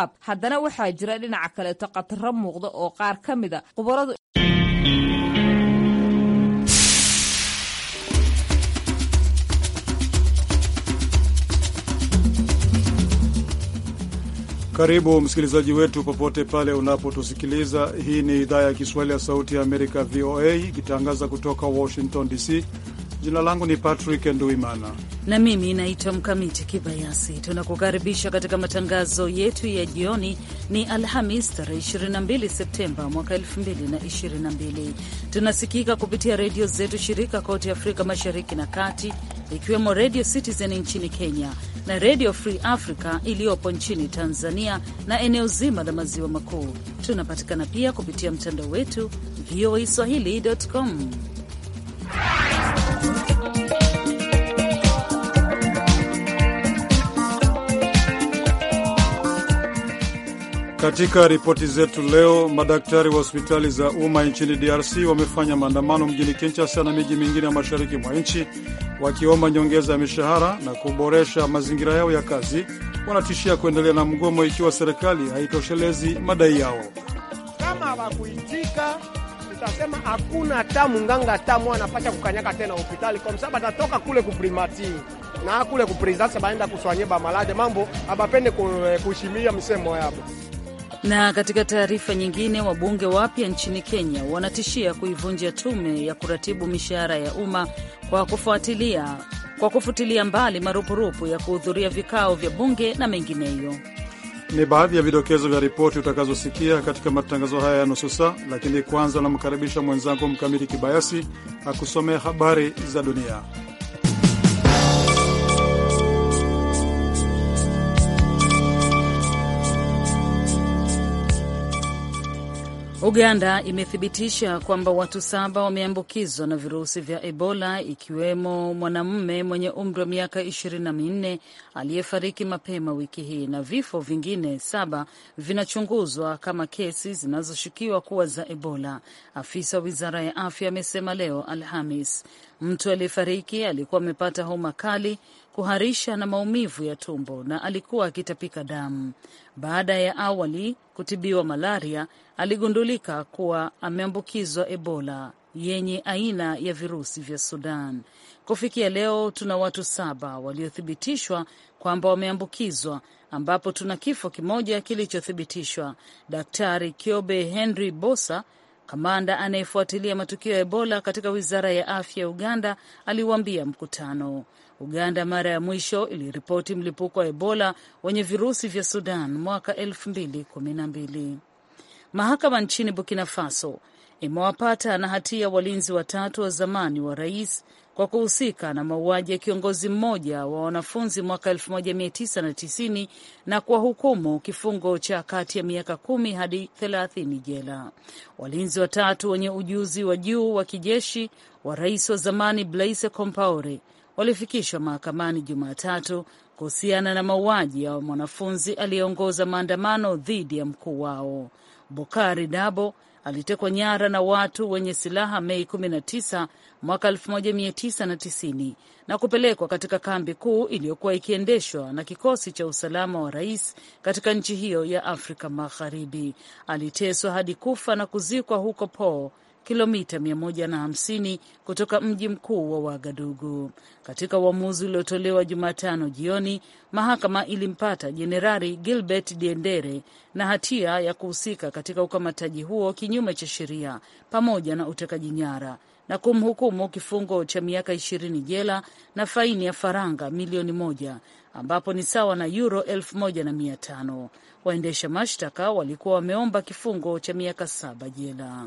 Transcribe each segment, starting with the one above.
shacab haddana waxaa jira dhinaca kaleeto khataro muuqda oo qaar ka a khubaradu Karibu msikilizaji wetu popote pale unapotusikiliza. Hii ni idhaa ya Kiswahili ya Sauti ya Amerika, VOA, ikitangaza kutoka Washington DC. Jina langu ni Patrick Nduimana na mimi naitwa Mkamiti Kibayasi. Tunakukaribisha katika matangazo yetu ya jioni. Ni Alhamis tarehe 22 Septemba mwaka 2022. Tunasikika kupitia redio zetu shirika kote Afrika Mashariki na Kati, ikiwemo Redio Citizen nchini Kenya na Redio Free Africa iliyopo nchini Tanzania na eneo zima la maziwa makuu. Tunapatikana pia kupitia mtandao wetu voa swahili.com. Katika ripoti zetu leo, madaktari wa hospitali za umma nchini DRC wamefanya maandamano mjini Kinshasa na miji mingine ya mashariki mwa nchi wakiomba nyongeza ya mishahara na kuboresha mazingira yao ya kazi. Wanatishia kuendelea na mgomo ikiwa serikali haitoshelezi madai yao. Kama hawakuitika, tutasema hakuna hata munganga hata anapasha kukanyaka tena hospitali kwa msaba atatoka kule kuprimati na kule kuprizasa baenda kuswanye bamalade mambo abapende kushimia eh, msemo yabo. Na katika taarifa nyingine, wabunge wapya nchini Kenya wanatishia kuivunja tume ya kuratibu mishahara ya umma kwa kufuatilia kwa kufutilia mbali marupurupu ya kuhudhuria vikao vya bunge na mengineyo. Ni baadhi ya vidokezo vya ripoti utakazosikia katika matangazo haya ya nusu saa, lakini kwanza anamkaribisha mwenzangu Mkamiti Kibayasi akusomea habari za dunia. Uganda imethibitisha kwamba watu saba wameambukizwa na virusi vya Ebola ikiwemo mwanamume mwenye umri wa miaka ishirini na minne aliyefariki mapema wiki hii na vifo vingine saba vinachunguzwa kama kesi zinazoshukiwa kuwa za Ebola, afisa wa wizara ya afya amesema leo Alhamis. Mtu aliyefariki alikuwa amepata homa kali, kuharisha na maumivu ya tumbo na alikuwa akitapika damu. Baada ya awali kutibiwa malaria, aligundulika kuwa ameambukizwa Ebola yenye aina ya virusi vya Sudan. Kufikia leo tuna watu saba waliothibitishwa kwamba wameambukizwa, ambapo tuna kifo kimoja kilichothibitishwa. Daktari Kiobe Henry Bosa Kamanda anayefuatilia matukio ya Ebola katika wizara ya afya ya Uganda aliwaambia mkutano. Uganda mara ya mwisho iliripoti mlipuko wa Ebola wenye virusi vya Sudan mwaka 2012. Mahakama nchini Burkina Faso imewapata na hatia walinzi watatu wa zamani wa rais kwa kuhusika na mauaji ya kiongozi mmoja wa wanafunzi mwaka 1990 na kuwahukumu kifungo cha kati ya miaka kumi hadi thelathini jela. Walinzi watatu wenye ujuzi wa juu wa kijeshi wa rais wa zamani Blaise Compaore walifikishwa mahakamani Jumatatu kuhusiana na mauaji ya mwanafunzi aliyeongoza maandamano dhidi ya mkuu wao Bokari Dabo alitekwa nyara na watu wenye silaha Mei 19 mwaka 1990 na kupelekwa katika kambi kuu iliyokuwa ikiendeshwa na kikosi cha usalama wa rais katika nchi hiyo ya Afrika Magharibi. Aliteswa hadi kufa na kuzikwa huko Po kilomita 150 kutoka mji mkuu wa Wagadugu. Katika uamuzi uliotolewa Jumatano jioni, mahakama ilimpata Jenerali Gilbert Diendere na hatia ya kuhusika katika ukamataji huo kinyume cha sheria pamoja na utekaji nyara na kumhukumu kifungo cha miaka ishirini jela na faini ya faranga milioni moja ambapo ni sawa na yuro elfu moja na mia tano. Waendesha mashtaka walikuwa wameomba kifungo cha miaka saba jela.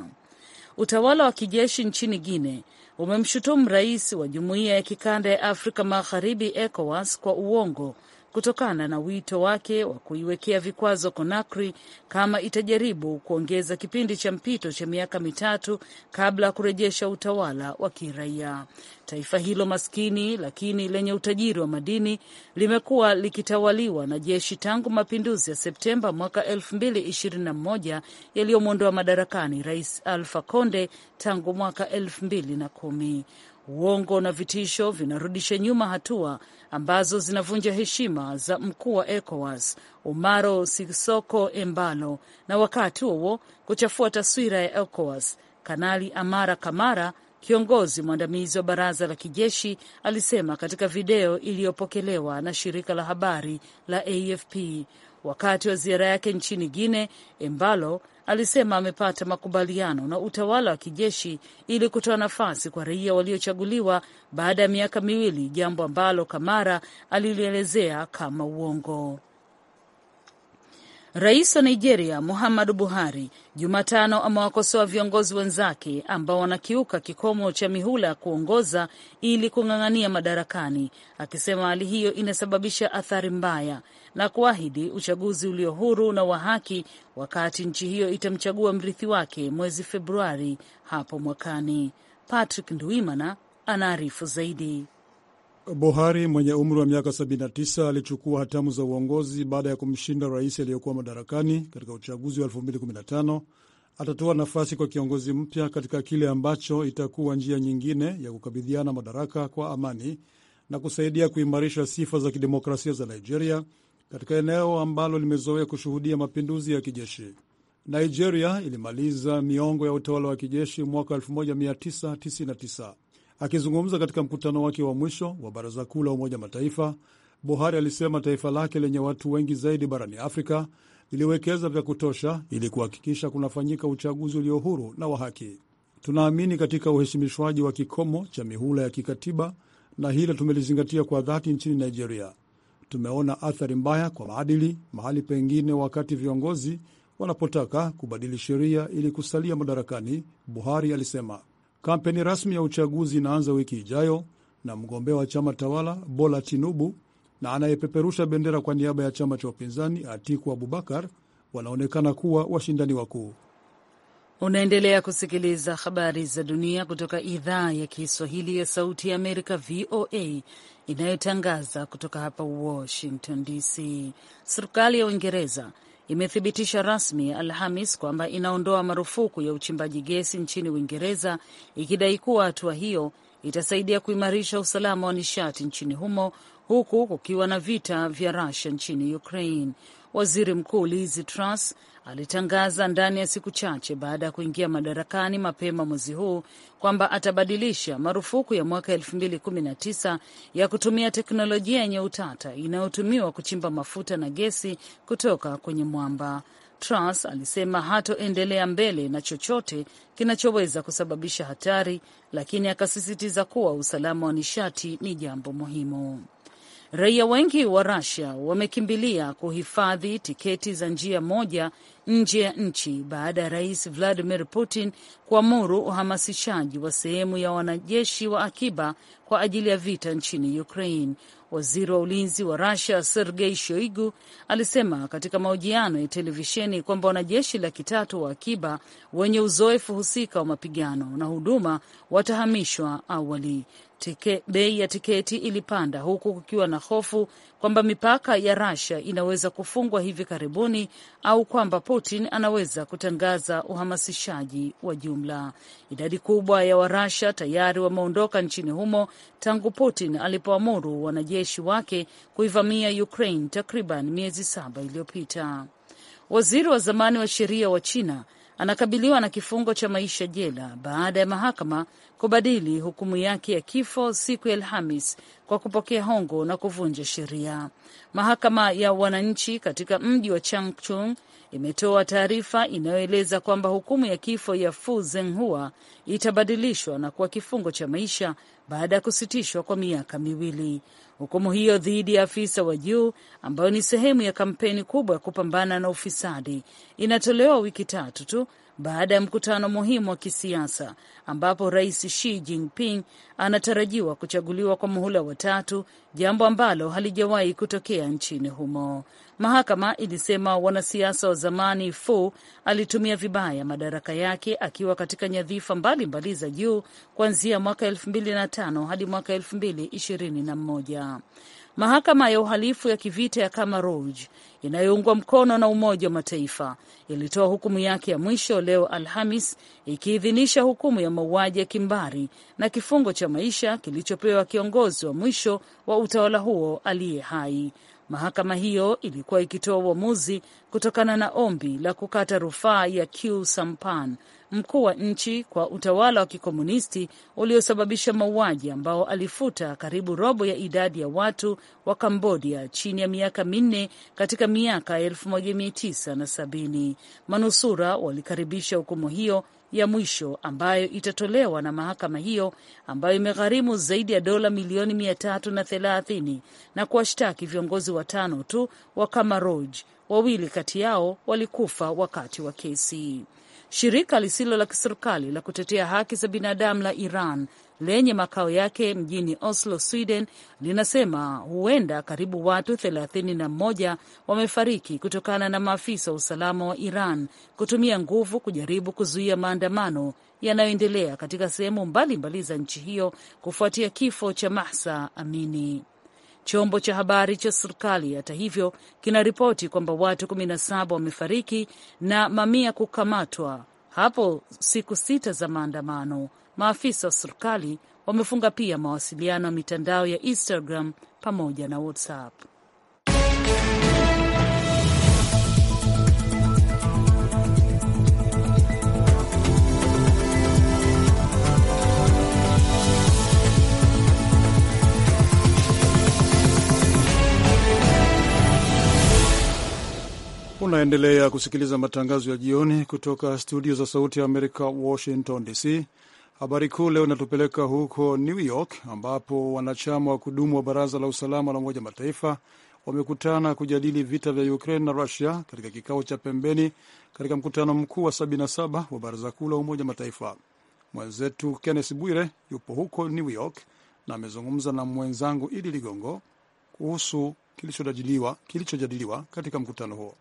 Utawala wa kijeshi nchini Guinea umemshutumu rais wa jumuiya ya kikanda ya Afrika Magharibi ECOWAS kwa uongo kutokana na wito wake wa kuiwekea vikwazo Conakry kama itajaribu kuongeza kipindi cha mpito cha miaka mitatu kabla ya kurejesha utawala wa kiraia. Taifa hilo maskini lakini lenye utajiri wa madini limekuwa likitawaliwa na jeshi tangu mapinduzi ya Septemba mwaka 2021 yaliyomwondoa madarakani Rais Alfa Conde tangu mwaka 2010. Uongo na vitisho vinarudisha nyuma hatua ambazo zinavunja heshima za mkuu wa ECOWAS Umaro Sisoko Embalo, na wakati huo kuchafua taswira ya ECOWAS, Kanali Amara Kamara, kiongozi mwandamizi wa baraza la kijeshi, alisema katika video iliyopokelewa na shirika la habari la AFP wakati wa ziara yake nchini guine Embalo alisema amepata makubaliano na utawala wa kijeshi ili kutoa nafasi kwa raia waliochaguliwa baada ya miaka miwili, jambo ambalo Kamara alilielezea kama uongo. Rais wa Nigeria Muhammadu Buhari Jumatano amewakosoa viongozi wenzake ambao wanakiuka kikomo cha mihula ya kuongoza ili kung'ang'ania madarakani, akisema hali hiyo inasababisha athari mbaya na kuahidi uchaguzi ulio huru na wa haki wakati nchi hiyo itamchagua mrithi wake mwezi Februari hapo mwakani. Patrick Nduimana anaarifu zaidi. Buhari mwenye umri wa miaka 79 alichukua hatamu za uongozi baada ya kumshinda rais aliyekuwa madarakani katika uchaguzi wa 2015. Atatoa nafasi kwa kiongozi mpya katika kile ambacho itakuwa njia nyingine ya kukabidhiana madaraka kwa amani na kusaidia kuimarisha sifa za kidemokrasia za Nigeria katika eneo ambalo limezoea kushuhudia mapinduzi ya kijeshi. Nigeria ilimaliza miongo ya utawala wa kijeshi mwaka 1999. Akizungumza katika mkutano wake wa mwisho wa baraza kuu la Umoja Mataifa, Buhari alisema taifa lake lenye watu wengi zaidi barani Afrika liliwekeza vya kutosha ili kuhakikisha kunafanyika uchaguzi ulio huru na wa haki. Tunaamini katika uheshimishwaji wa kikomo cha mihula ya kikatiba na hilo tumelizingatia kwa dhati nchini Nigeria. Tumeona athari mbaya kwa maadili mahali pengine wakati viongozi wanapotaka kubadili sheria ili kusalia madarakani, Buhari alisema. Kampeni rasmi ya uchaguzi inaanza wiki ijayo na mgombea wa chama tawala Bola Tinubu na anayepeperusha bendera kwa niaba ya chama cha upinzani Atiku Abubakar wanaonekana kuwa washindani wakuu. Unaendelea kusikiliza habari za dunia kutoka idhaa ya Kiswahili ya Sauti ya Amerika, VOA, inayotangaza kutoka hapa Washington DC. Serikali ya Uingereza imethibitisha rasmi Alhamis kwamba inaondoa marufuku ya uchimbaji gesi nchini Uingereza, ikidai kuwa hatua hiyo itasaidia kuimarisha usalama wa nishati nchini humo huku kukiwa na vita vya Russia nchini Ukraine. Waziri Mkuu Liz Truss alitangaza ndani ya siku chache baada ya kuingia madarakani mapema mwezi huu kwamba atabadilisha marufuku ya mwaka 2019 ya kutumia teknolojia yenye utata inayotumiwa kuchimba mafuta na gesi kutoka kwenye mwamba. Truss alisema hatoendelea mbele na chochote kinachoweza kusababisha hatari, lakini akasisitiza kuwa usalama wa nishati ni jambo muhimu. Raia wengi wa rasia wamekimbilia kuhifadhi tiketi za njia moja nje ya nchi baada ya Rais Vladimir Putin kuamuru uhamasishaji wa sehemu ya wanajeshi wa akiba kwa ajili ya vita nchini Ukraine. Waziri wa ulinzi wa rasia Sergei Shoigu alisema katika mahojiano ya televisheni kwamba wanajeshi laki tatu wa akiba wenye uzoefu husika wa mapigano na huduma watahamishwa awali tike, bei ya tiketi ilipanda huku kukiwa na hofu kwamba mipaka ya Russia inaweza kufungwa hivi karibuni au kwamba Putin anaweza kutangaza uhamasishaji wa jumla. Idadi kubwa ya Warasha tayari wameondoka nchini humo tangu Putin alipoamuru wanajeshi wake kuivamia Ukraine takriban miezi saba iliyopita. Waziri wa zamani wa sheria wa China anakabiliwa na kifungo cha maisha jela baada ya mahakama kubadili hukumu yake ya kifo siku ya Alhamis kwa kupokea hongo na kuvunja sheria. Mahakama ya wananchi katika mji wa Changchun imetoa taarifa inayoeleza kwamba hukumu ya kifo ya Fu Zenghua itabadilishwa na kuwa kifungo cha maisha baada ya kusitishwa kwa miaka miwili hukumu hiyo dhidi ya afisa wa juu ambayo ni sehemu ya kampeni kubwa ya kupambana na ufisadi inatolewa wiki tatu tu baada ya mkutano muhimu wa kisiasa ambapo Rais Xi Jinping anatarajiwa kuchaguliwa kwa muhula wa tatu, jambo ambalo halijawahi kutokea nchini humo. Mahakama ilisema wanasiasa wa zamani Fu alitumia vibaya madaraka yake akiwa katika nyadhifa mbalimbali za juu kuanzia mwaka 2005 hadi mwaka 2021. Mahakama ya uhalifu ya kivita ya Khama Rouge inayoungwa mkono na Umoja wa Mataifa ilitoa hukumu yake ya mwisho leo Alhamis, ikiidhinisha hukumu ya mauaji ya kimbari na kifungo cha maisha kilichopewa kiongozi wa mwisho wa utawala huo aliye hai. Mahakama hiyo ilikuwa ikitoa uamuzi kutokana na ombi la kukata rufaa ya Q Sampan mkuu wa nchi kwa utawala wa kikomunisti uliosababisha mauaji, ambao alifuta karibu robo ya idadi ya watu wa Kambodia chini ya miaka minne katika miaka ya 1970. Manusura walikaribisha hukumu hiyo ya mwisho ambayo itatolewa na mahakama hiyo ambayo imegharimu zaidi ya dola milioni 3 na na kuwashtaki viongozi watano tu wa Kamaroj. Wawili kati yao walikufa wakati wa kesi. Shirika lisilo la kiserikali la kutetea haki za binadamu la Iran lenye makao yake mjini Oslo, Sweden, linasema huenda karibu watu 31 wamefariki kutokana na maafisa wa usalama wa Iran kutumia nguvu kujaribu kuzuia maandamano yanayoendelea katika sehemu mbalimbali za nchi hiyo kufuatia kifo cha Mahsa Amini. Chombo cha habari cha serikali hata hivyo kinaripoti kwamba watu 17 wamefariki na mamia kukamatwa hapo siku sita za maandamano. Maafisa wa serikali wamefunga pia mawasiliano ya mitandao ya Instagram pamoja na WhatsApp. Unaendelea kusikiliza matangazo ya jioni kutoka studio za Sauti ya Amerika, Washington DC. Habari kuu leo inatupeleka huko New York ambapo wanachama wa kudumu wa Baraza la Usalama la Umoja Mataifa wamekutana kujadili vita vya Ukraine na Rusia katika kikao cha pembeni katika mkutano mkuu wa 77 wa Baraza Kuu la Umoja Mataifa. Mwenzetu kennes Bwire yupo huko New York na amezungumza na mwenzangu Idi Ligongo kuhusu kilichojadiliwa kilichojadiliwa katika mkutano huo.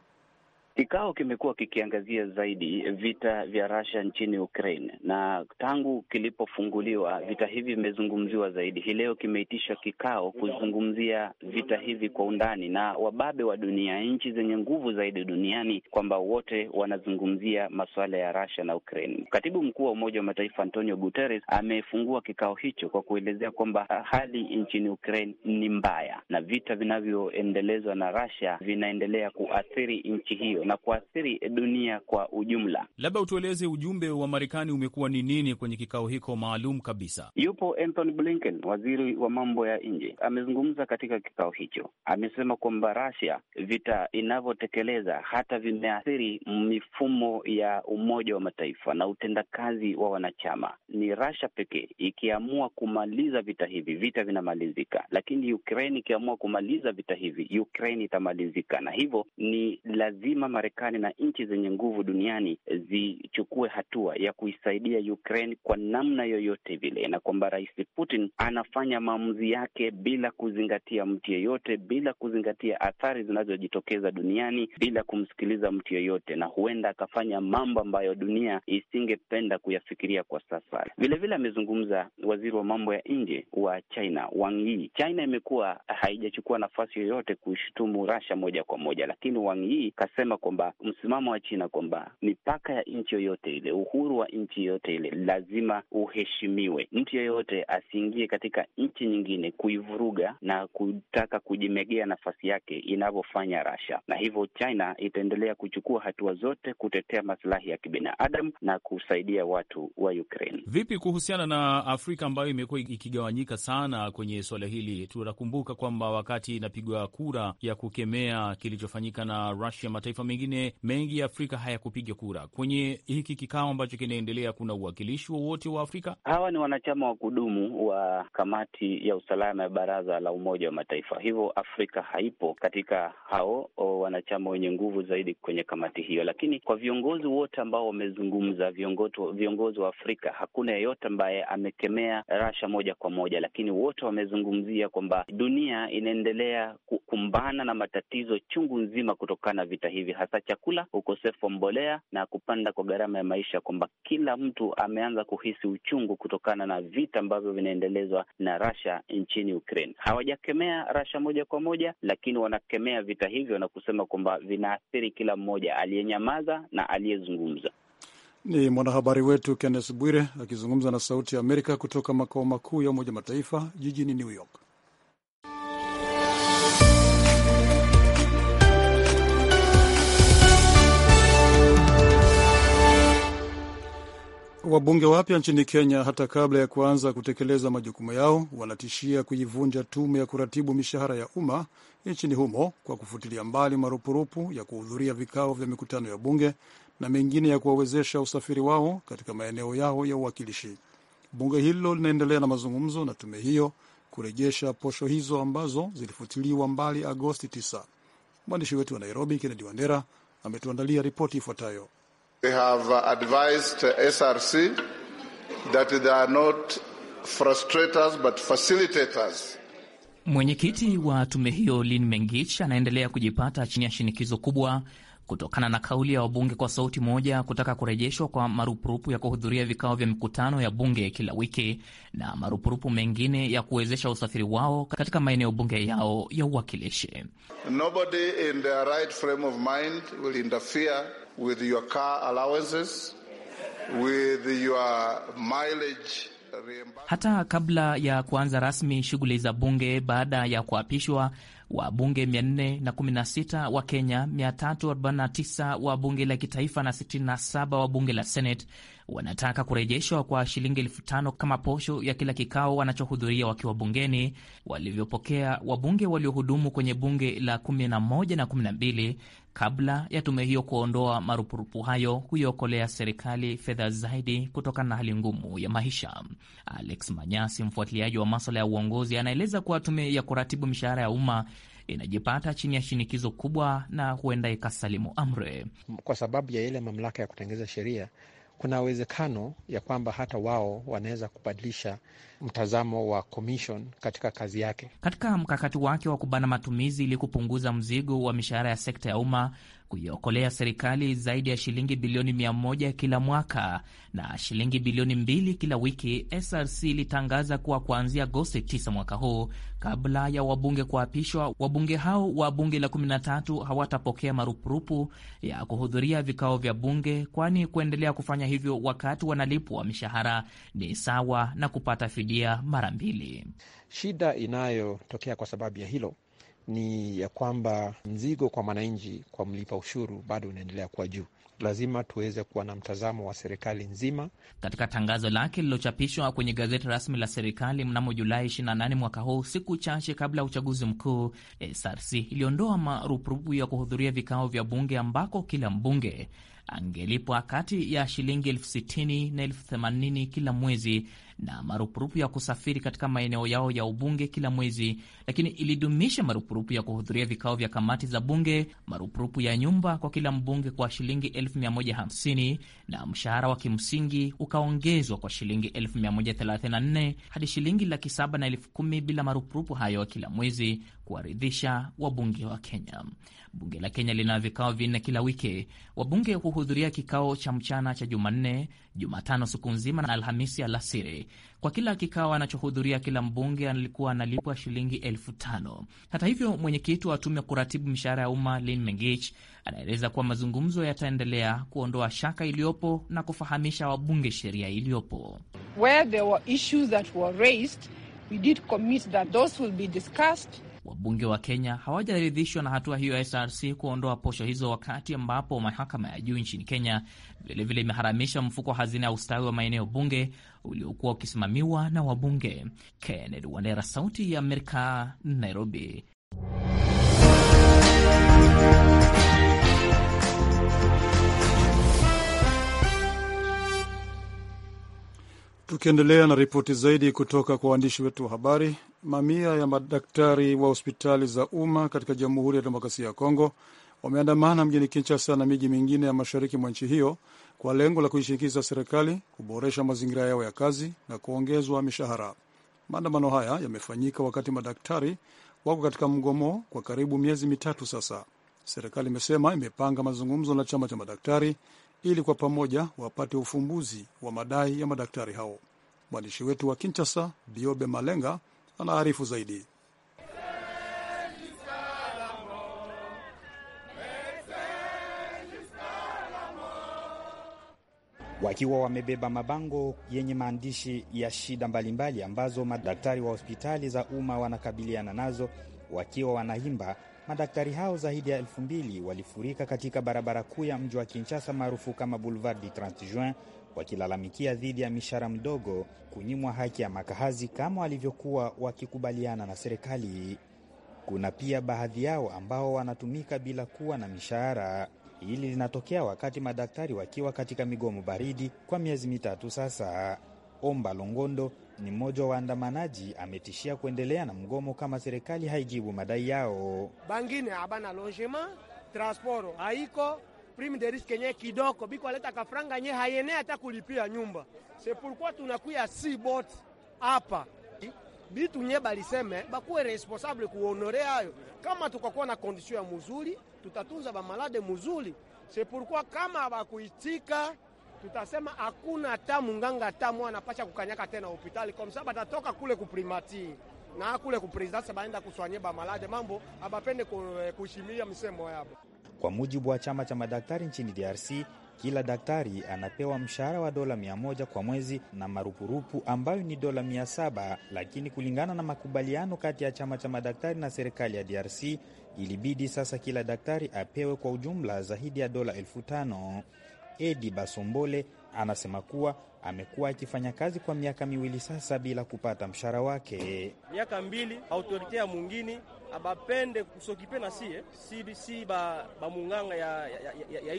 Kikao kimekuwa kikiangazia zaidi vita vya Russia nchini Ukraine, na tangu kilipofunguliwa vita hivi vimezungumziwa zaidi. Hii leo kimeitisha kikao kuzungumzia vita hivi kwa undani, na wababe wa dunia, nchi zenye nguvu zaidi duniani, kwamba wote wanazungumzia masuala ya Russia na Ukraine. Katibu mkuu wa Umoja wa Mataifa Antonio Guterres amefungua kikao hicho kwa kuelezea kwamba hali nchini Ukraine ni mbaya na vita vinavyoendelezwa na Russia vinaendelea kuathiri nchi hiyo na kuathiri dunia kwa ujumla. Labda utueleze ujumbe wa Marekani umekuwa ni nini kwenye kikao hiko maalum kabisa? Yupo Anthony Blinken, waziri wa mambo ya nje, amezungumza katika kikao hicho. Amesema kwamba Russia vita inavyotekeleza hata vimeathiri mifumo ya Umoja wa Mataifa na utendakazi wa wanachama. Ni Russia pekee ikiamua kumaliza vita hivi, vita vinamalizika, lakini Ukraine ikiamua kumaliza vita hivi, Ukraine itamalizika, na hivyo ni lazima Marekani na nchi zenye nguvu duniani zichukue hatua ya kuisaidia Ukraine kwa namna yoyote vile, na kwamba Rais Putin anafanya maamuzi yake bila kuzingatia mtu yeyote, bila kuzingatia athari zinazojitokeza duniani, bila kumsikiliza mtu yeyote, na huenda akafanya mambo ambayo dunia isingependa kuyafikiria kwa sasa. Vilevile amezungumza waziri wa mambo ya nje wa China Wang Yi. China imekuwa haijachukua nafasi yoyote kuishutumu Russia moja kwa moja, lakini Wang Yi kasema kwamba msimamo wa China kwamba mipaka ya nchi yoyote ile, uhuru wa nchi yoyote ile lazima uheshimiwe. Mtu yeyote asiingie katika nchi nyingine kuivuruga na kutaka kujimegea nafasi yake inavyofanya Russia, na hivyo China itaendelea kuchukua hatua zote kutetea masilahi ya kibinadamu na kusaidia watu wa Ukraine. Vipi kuhusiana na Afrika ambayo imekuwa ikigawanyika sana kwenye suala hili? Tunakumbuka kwamba wakati inapigwa kura ya kukemea kilichofanyika na Russia, mataifa mengine mengi ya Afrika hayakupiga kura. Kwenye hiki kikao ambacho kinaendelea, kuna uwakilishi wowote wa Afrika? Hawa ni wanachama wa kudumu wa kamati ya usalama ya baraza la Umoja wa Mataifa, hivyo Afrika haipo katika hao wanachama wenye nguvu zaidi kwenye kamati hiyo. Lakini kwa viongozi wote ambao wamezungumza, viongozi wa Afrika, hakuna yeyote ambaye amekemea Rasha moja kwa moja, lakini wote wamezungumzia kwamba dunia inaendelea kukumbana na matatizo chungu nzima kutokana na vita hivi hasa chakula, ukosefu wa mbolea na kupanda kwa gharama ya maisha, kwamba kila mtu ameanza kuhisi uchungu kutokana na vita ambavyo vinaendelezwa na Russia nchini Ukraine. Hawajakemea Russia moja kwa moja, lakini wanakemea vita hivyo na kusema kwamba vinaathiri kila mmoja, aliyenyamaza na aliyezungumza. Ni mwanahabari wetu Kenneth Bwire akizungumza na Sauti ya Amerika kutoka makao makuu ya Umoja Mataifa jijini New York. Wabunge wapya nchini Kenya, hata kabla ya kuanza kutekeleza majukumu yao, wanatishia kuivunja tume ya kuratibu mishahara ya umma nchini humo kwa kufutilia mbali marupurupu ya kuhudhuria vikao vya mikutano ya bunge na mengine ya kuwawezesha usafiri wao katika maeneo yao ya uwakilishi. Bunge hilo linaendelea na mazungumzo na tume hiyo kurejesha posho hizo ambazo zilifutiliwa mbali Agosti 9. Mwandishi wetu wa Nairobi, Kennedy Wandera, ametuandalia ripoti ifuatayo. They have uh, advised uh, SRC that they are not frustrators but facilitators. Mwenyekiti wa tume hiyo Lin Mengich anaendelea kujipata chini ya shinikizo kubwa kutokana na kauli ya wabunge kwa sauti moja kutaka kurejeshwa kwa marupurupu ya kuhudhuria vikao vya mikutano ya bunge kila wiki na marupurupu mengine ya kuwezesha usafiri wao katika maeneo bunge yao ya uwakilishi. Hata kabla ya kuanza rasmi shughuli za bunge baada ya kuapishwa wa bunge 416 wa Kenya, 349 wa bunge la kitaifa na 67 wa bunge la Senate wanataka kurejeshwa kwa shilingi elfu tano kama posho ya kila kikao wanachohudhuria wakiwa bungeni, walivyopokea wabunge waliohudumu kwenye bunge la 11 na kabla ya tume hiyo kuondoa marupurupu hayo kuiokolea serikali fedha zaidi kutokana na hali ngumu ya maisha. Alex Manyasi, mfuatiliaji wa maswala ya uongozi, anaeleza kuwa tume ya kuratibu mishahara ya umma inajipata chini ya shinikizo kubwa na huenda ikasalimu amri kwa sababu ya ile mamlaka ya kutengeza sheria. Kuna uwezekano ya kwamba hata wao wanaweza kubadilisha mtazamo wa commission katika kazi yake. Katika mkakati wake wa kubana matumizi ili kupunguza mzigo wa mishahara ya sekta ya umma, kuiokolea serikali zaidi ya shilingi bilioni mia moja kila mwaka na shilingi bilioni mbili kila wiki, SRC ilitangaza kuwa kuanzia Agosti 9 mwaka huu, kabla ya wabunge kuapishwa, wabunge hao wa bunge la 13 hawatapokea marupurupu ya kuhudhuria vikao vya bunge, kwani kuendelea kufanya hivyo wakati wanalipwa mishahara ni sawa na kupata fidia kurudia mara mbili. Shida inayotokea kwa sababu ya hilo ni ya kwamba mzigo kwa mwananchi, kwa mlipa ushuru bado unaendelea kuwa juu. Lazima tuweze kuwa na mtazamo wa serikali nzima. Katika tangazo lake lililochapishwa kwenye gazeti rasmi la serikali mnamo Julai 28 mwaka huu, siku chache kabla ya uchaguzi mkuu, SRC iliondoa marupurupu ya kuhudhuria vikao vya bunge ambako kila mbunge angelipwa kati ya shilingi elfu sitini na elfu themanini kila mwezi na marupurupu ya kusafiri katika maeneo yao ya ubunge kila mwezi, lakini ilidumisha marupurupu ya kuhudhuria vikao vya kamati za bunge, marupurupu ya nyumba kwa kila mbunge kwa shilingi elfu mia moja hamsini na mshahara wa kimsingi ukaongezwa kwa shilingi elfu mia moja thelathini na nne hadi shilingi laki saba na elfu kumi bila marupurupu hayo kila mwezi kuwaridhisha wabunge wa Kenya. Bunge la Kenya lina vikao vinne kila wiki. Wabunge huhudhuria kikao cha mchana cha Jumanne, Jumatano siku nzima na Alhamisi alasiri. Kwa kila kikao anachohudhuria, kila mbunge alikuwa analipwa shilingi elfu tano. Hata hivyo, mwenyekiti wa tume ya kuratibu mishahara ya umma Lin Mengich anaeleza kuwa mazungumzo yataendelea kuondoa shaka iliyopo na kufahamisha wabunge sheria iliyopo. Where there were issues that were raised, we did commit that those will be discussed Wabunge wa Kenya hawajaridhishwa na hatua hiyo ya SRC kuondoa posho hizo, wakati ambapo mahakama ya juu nchini Kenya vilevile imeharamisha vile mfuko wa hazina ya ustawi wa maeneo bunge uliokuwa ukisimamiwa na wabunge. Kennedy Wandera, Sauti ya Amerika, Nairobi. Tukiendelea na ripoti zaidi kutoka kwa waandishi wetu wa habari. Mamia ya madaktari wa hospitali za umma katika Jamhuri ya Demokrasia ya Kongo wameandamana mjini Kinshasa na miji mingine ya mashariki mwa nchi hiyo kwa lengo la kuishinikiza serikali kuboresha mazingira yao ya kazi na kuongezwa mishahara. Maandamano haya yamefanyika wakati madaktari wako katika mgomo kwa karibu miezi mitatu sasa. Serikali imesema imepanga mazungumzo na chama cha madaktari ili kwa pamoja wapate ufumbuzi wa madai ya madaktari hao. Mwandishi wetu wa Kinshasa, Diobe Malenga, anaarifu zaidi. wakiwa wamebeba mabango yenye maandishi ya shida mbalimbali mbali ambazo madaktari wa hospitali za umma wanakabiliana nazo. Wakiwa wanaimba, madaktari hao zaidi ya elfu mbili walifurika katika barabara kuu ya mji wa Kinshasa maarufu kama Boulevard du 30 Juin wakilalamikia dhidi ya mishahara mdogo, kunyimwa haki ya makahazi kama walivyokuwa wakikubaliana na serikali. Kuna pia baadhi yao ambao wanatumika bila kuwa na mishahara. Hili linatokea wakati madaktari wakiwa katika migomo baridi kwa miezi mitatu sasa. Omba Longondo ni mmoja wa waandamanaji, ametishia kuendelea na mgomo kama serikali haijibu madai yao. Bangine abana logema transporo haiko prime de risque nye kidogo biko aleta kafranga nye hayenee hata kulipia nyumba sepulikuwa tunakuya si bot hapa bitu nye baliseme bakuwe responsable kuonore ayo. Kama tukakuwa na kondisio ya muzuri, tutatunza bamalade muzuri. Sepulikuwa kama bakuitika, tutasema hakuna hata munganga hata mwa pasha kukanyaka tena hospitali kwa komsa, atatoka kule kuprimati na kule kupresidasa baenda kuswanye bamalade mambo abapende eh, kuheshimia misemo yabo. Kwa mujibu wa chama cha madaktari nchini DRC, kila daktari anapewa mshahara wa dola 100 kwa mwezi na marupurupu ambayo ni dola 700, lakini kulingana na makubaliano kati ya chama cha madaktari na serikali ya DRC ilibidi sasa kila daktari apewe kwa ujumla zaidi ya dola elfu Edi Basombole anasema kuwa amekuwa akifanya kazi kwa miaka miwili sasa bila kupata mshahara wake. Miaka mbili autorite ya mungini abapende kusokipe na sie si, si ba, ba munganga ya, ya, ya, ya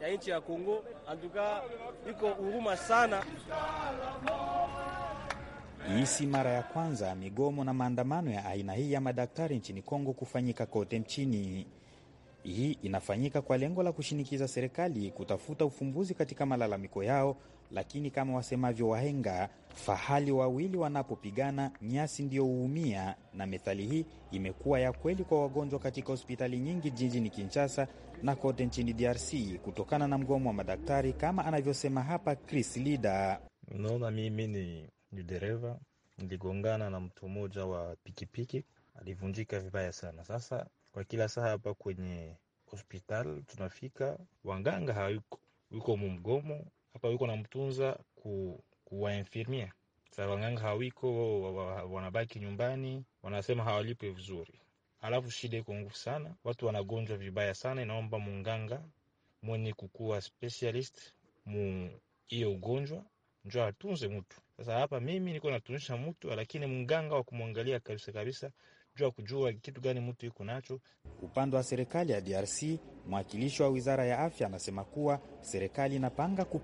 ya nchi ya Kongo antuka iko huruma sana. Hii si mara ya kwanza migomo na maandamano ya aina hii ya madaktari nchini Kongo kufanyika kote nchini. Hii inafanyika kwa lengo la kushinikiza serikali kutafuta ufumbuzi katika malalamiko yao, lakini kama wasemavyo wahenga, fahali wawili wanapopigana nyasi ndiyo huumia, na methali hii imekuwa ya kweli kwa wagonjwa katika hospitali nyingi jijini Kinshasa na kote nchini DRC kutokana na mgomo wa madaktari, kama anavyosema hapa Chris Lida. Unaona, mimi ni ni dereva, niligongana na mtu mmoja wa pikipiki, alivunjika vibaya sana. Sasa kwa kila saa hapa kwenye hospital tunafika, wanganga hayuko, yuko mumgomo hapa, yuko namtunza ku, kuwainfirmia sa wanganga hawiko, wanabaki nyumbani, wanasema hawalipwe vizuri. Alafu shida iko nguvu sana, watu wanagonjwa vibaya sana. Inaomba munganga mwenye kukuwa specialist mu hiyo ugonjwa njo atunze mtu. Sasa hapa mimi niko natunisha mtu, lakini munganga wa kumwangalia kabisa kabisa juu ya kujua kitu gani mtu iko nacho. Upande wa serikali ya DRC, mwakilishi wa wizara ya afya anasema kuwa serikali inapanga ku...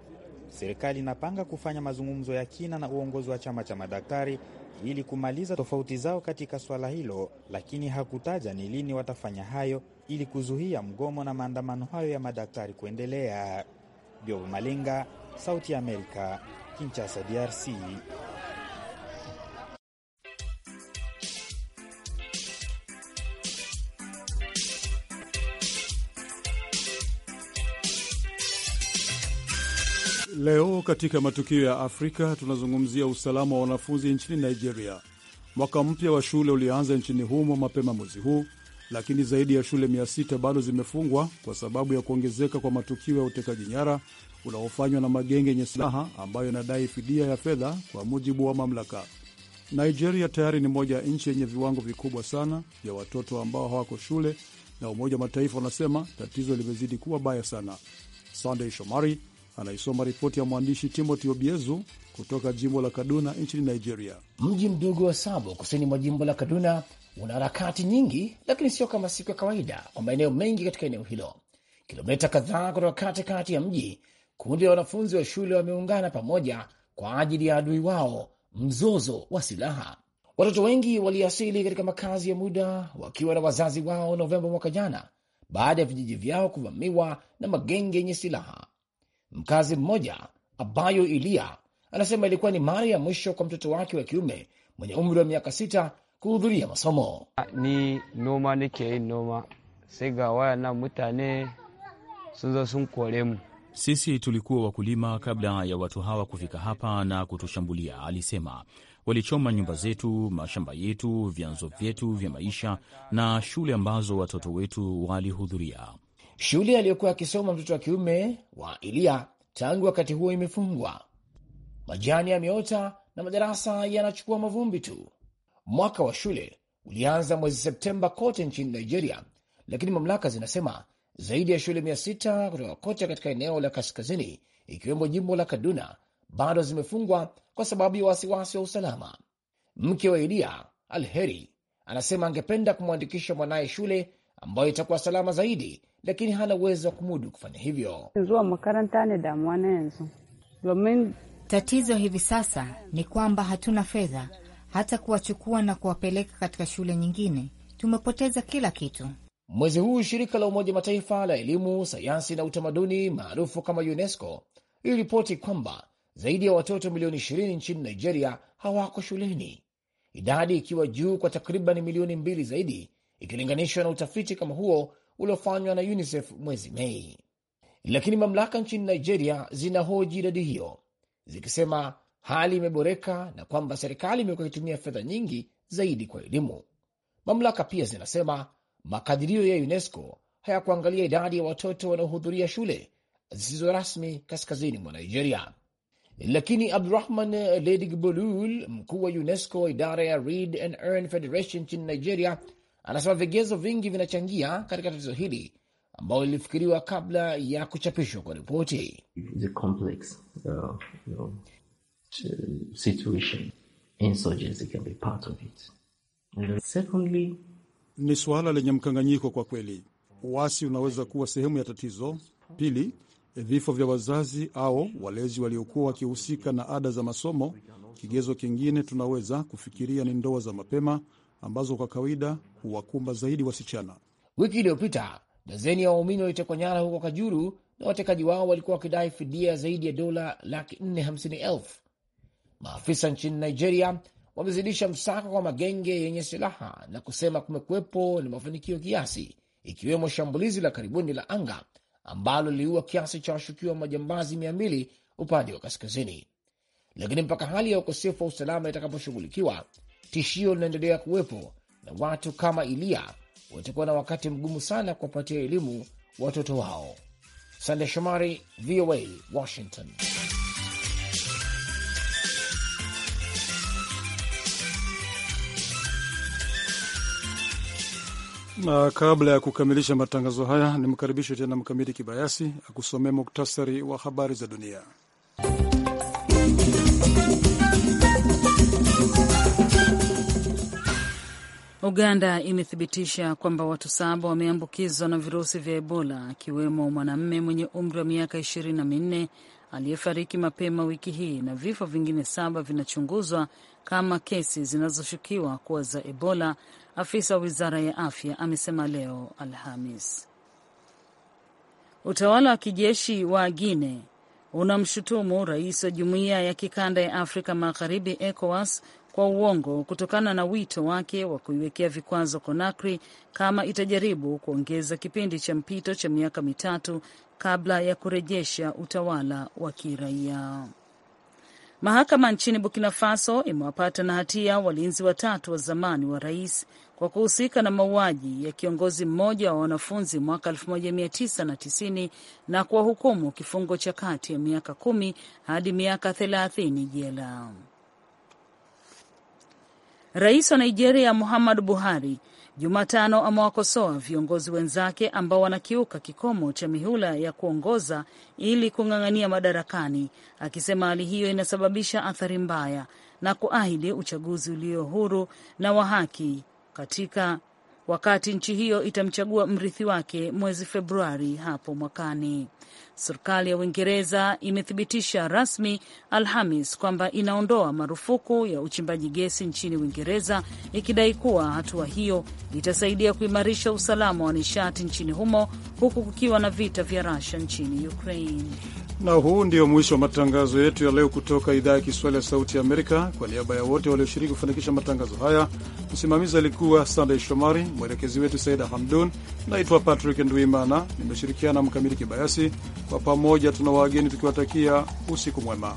serikali inapanga kufanya mazungumzo ya kina na uongozi wa chama cha madaktari ili kumaliza tofauti zao katika swala hilo, lakini hakutaja ni lini watafanya hayo ili kuzuia mgomo na maandamano hayo ya madaktari kuendelea. Jobu malinga Sauti ya Amerika, Kinshasa, DRC. Leo katika matukio ya Afrika tunazungumzia usalama wa wanafunzi nchini Nigeria. Mwaka mpya wa shule ulianza nchini humo mapema mwezi huu, lakini zaidi ya shule 600 bado zimefungwa kwa sababu ya kuongezeka kwa matukio ya utekaji nyara unaofanywa na magenge yenye silaha ambayo inadai fidia ya fedha, kwa mujibu wa mamlaka. Nigeria tayari ni moja ya nchi yenye viwango vikubwa sana vya watoto ambao hawako shule, na Umoja wa Mataifa unasema tatizo limezidi kuwa baya sana. sandey Shomari anaisoma ripoti ya mwandishi Timothy Obiezu kutoka jimbo la Kaduna nchini Nigeria. Mji mdogo wa Sabo kusini mwa jimbo la Kaduna una harakati nyingi, lakini sio kama siku ya kawaida kwa maeneo mengi katika eneo hilo. Kilomita kadhaa kutoka katikati ya mji, kundi la wanafunzi wa shule wameungana pamoja kwa ajili ya adui wao, mzozo wa silaha. Watoto wengi waliasili katika makazi ya muda wakiwa na wazazi wao Novemba mwaka jana, baada ya vijiji vyao kuvamiwa na magenge yenye silaha. Mkazi mmoja Abayo Ilia anasema ilikuwa ni mara ya mwisho kwa mtoto wake wa kiume mwenye umri wa miaka sita kuhudhuria masomo. Ni noma nikei noma sega waya na mutane sun sun kore mu. Sisi tulikuwa wakulima kabla ya watu hawa kufika hapa na kutushambulia, alisema. Walichoma nyumba zetu, mashamba yetu, vyanzo vyetu vya maisha na shule ambazo watoto wetu walihudhuria. Shule aliyokuwa akisoma mtoto wa kiume wa Eliya tangu wakati huo imefungwa. Majani yameota na madarasa yanachukua mavumbi tu. Mwaka wa shule ulianza mwezi Septemba kote nchini Nigeria, lakini mamlaka zinasema zaidi ya shule mia sita kutoka kote katika eneo la kaskazini, ikiwemo jimbo la Kaduna, bado zimefungwa kwa sababu ya wasiwasi wa usalama. Mke wa elia Alheri, anasema angependa kumwandikisha mwanaye shule ambayo itakuwa salama zaidi lakini hana uwezo wa kumudu kufanya hivyo. Tatizo hivi sasa ni kwamba hatuna fedha hata kuwachukua na kuwapeleka katika shule nyingine. Tumepoteza kila kitu. Mwezi huu shirika la Umoja Mataifa la elimu, sayansi na utamaduni maarufu kama UNESCO iliripoti kwamba zaidi ya watoto milioni 20 nchini Nigeria hawako shuleni, idadi ikiwa juu kwa takriban milioni mbili zaidi ikilinganishwa na utafiti kama huo uliofanywa na UNICEF mwezi Mei, lakini mamlaka nchini Nigeria zinahoji idadi hiyo zikisema hali imeboreka na kwamba serikali imekuwa ikitumia fedha nyingi zaidi kwa elimu. Mamlaka pia zinasema makadirio ya UNESCO hayakuangalia idadi ya watoto wanaohudhuria shule zisizo rasmi kaskazini mwa Nigeria. Lakini Abdurahman ledigbolul mkuu wa UNESCO wa idara ya Read and Earn Federation nchini Nigeria, Anasema vigezo vingi vinachangia katika tatizo hili ambayo lilifikiriwa kabla ya kuchapishwa kwa ripoti. Uh, you know, ni suala lenye mkanganyiko kwa kweli. Uasi unaweza kuwa sehemu ya tatizo. Pili, vifo vya wazazi au walezi waliokuwa wakihusika na ada za masomo. Kigezo kingine tunaweza kufikiria ni ndoa za mapema ambazo kwa kawaida huwakumba zaidi wasichana. Wiki iliyopita dazeni ya waumini walitekwa nyara huko Kajuru na watekaji wao walikuwa wakidai fidia zaidi ya dola laki nne hamsini elfu. Maafisa nchini Nigeria wamezidisha msako kwa magenge yenye silaha na kusema kumekuwepo na mafanikio kiasi, ikiwemo shambulizi la karibuni la anga ambalo liliua kiasi cha washukiwa majambazi mia mbili upande wa kaskazini. Lakini mpaka hali ya ukosefu wa usalama itakaposhughulikiwa, tishio linaendelea kuwepo na watu kama ilia watakuwa na wakati mgumu sana kuwapatia elimu watoto wao. Sande Shomari, VOA, Washington. Na kabla ya kukamilisha matangazo haya, nimkaribishe tena Mkamiti Kibayasi akusomea muktasari wa habari za dunia. Uganda imethibitisha kwamba watu saba wameambukizwa na virusi vya Ebola, akiwemo mwanamume mwenye umri wa miaka ishirini na minne aliyefariki mapema wiki hii, na vifo vingine saba vinachunguzwa kama kesi zinazoshukiwa kuwa za Ebola, afisa wa wizara ya afya amesema leo Alhamis. Utawala wa kijeshi wa Guine unamshutumu rais wa jumuiya ya kikanda ya Afrika Magharibi, ECOWAS, kwa uongo kutokana na wito wake wa kuiwekea vikwazo Konakri kama itajaribu kuongeza kipindi cha mpito cha miaka mitatu kabla ya kurejesha utawala wa kiraia. Mahakama nchini Burkina Faso imewapata na hatia walinzi watatu wa zamani wa rais kwa kuhusika na mauaji ya kiongozi mmoja wa wanafunzi mwaka 1990 na kuwahukumu kifungo cha kati ya miaka kumi hadi miaka thelathini jela. Rais wa Nigeria Muhammadu Buhari Jumatano amewakosoa viongozi wenzake ambao wanakiuka kikomo cha mihula ya kuongoza ili kung'ang'ania madarakani, akisema hali hiyo inasababisha athari mbaya na kuahidi uchaguzi ulio huru na wa haki katika wakati nchi hiyo itamchagua mrithi wake mwezi Februari hapo mwakani. Serikali ya Uingereza imethibitisha rasmi Alhamis kwamba inaondoa marufuku ya uchimbaji gesi nchini Uingereza, ikidai kuwa hatua hiyo itasaidia kuimarisha usalama wa nishati nchini humo, huku kukiwa na vita vya rasha nchini Ukraine. Na huu ndio mwisho wa matangazo yetu ya leo kutoka idhaa ya Kiswahili ya Sauti ya Amerika. Kwa niaba ya wote walioshiriki kufanikisha matangazo haya, msimamizi alikuwa Sandey Shomari, mwelekezi wetu Saida Hamdun. Naitwa Patrick Nduimana, nimeshirikiana Mkamili Kibayasi. Kwa pamoja tuna wageni tukiwatakia usiku mwema.